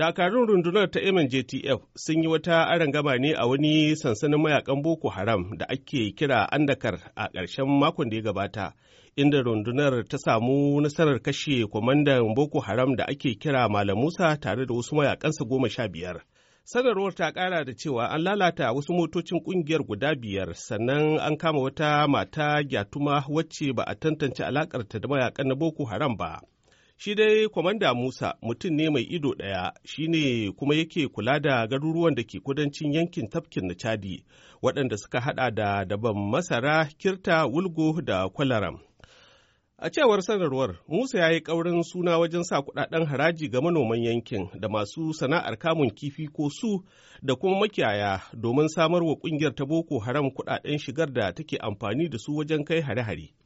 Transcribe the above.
Dakarun rundunar ta Yemen JTF sun yi wata arangama ne a wani sansanin mayakan Boko Haram da ake kira Andakar a ƙarshen makon da ya gabata, inda rundunar ta samu nasarar kashe kwamandan Boko Haram da ake kira Malam Musa tare da wasu mayakansa goma sha biyar. Sanarwar ta ƙara da cewa an lalata wasu motocin ƙungiyar guda biyar sannan an kama wata mata gyatuma wacce ba a tantance alaƙarta da mayakan na Boko Haram ba. Shi dai kwamanda Musa mutum ne mai ido ɗaya shi ne kuma yake kula da garuruwan da ke kudancin yankin tafkin na Chadi waɗanda suka haɗa da daban masara, kirta, wulgo da kwalaram. A cewar sanarwar, Musa ya yi ƙaurin suna wajen sa kuɗaɗen haraji ga manoman yankin da masu sana'ar kamun kifi ko su da kuma makiyaya domin samar wa ƙungiyar ta Boko Haram kuɗaɗen shigar da take amfani da su wajen kai hare-hare.